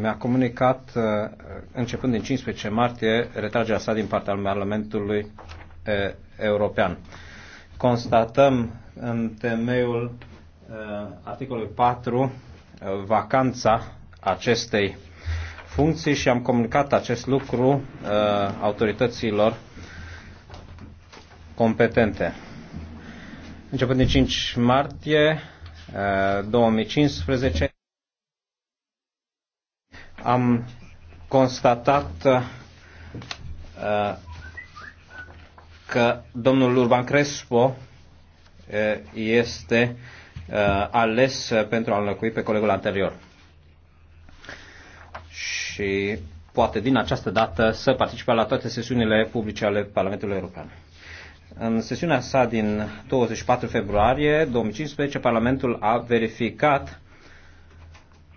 mi-a comunicat, uh, începând din 15 martie, retragerea sa din partea Parlamentului uh, European. Constatăm în temeiul uh, articolului 4 vacanța acestei funcții și am comunicat acest lucru autorităților competente. Începând din 5 martie 2015, am constatat uh, că domnul Urban Crespo uh, este uh, ales pentru a înlocui pe colegul anterior. Și poate din această dată să participe la toate sesiunile publice ale Parlamentului European. În sesiunea sa din 24 februarie 2015, Parlamentul a verificat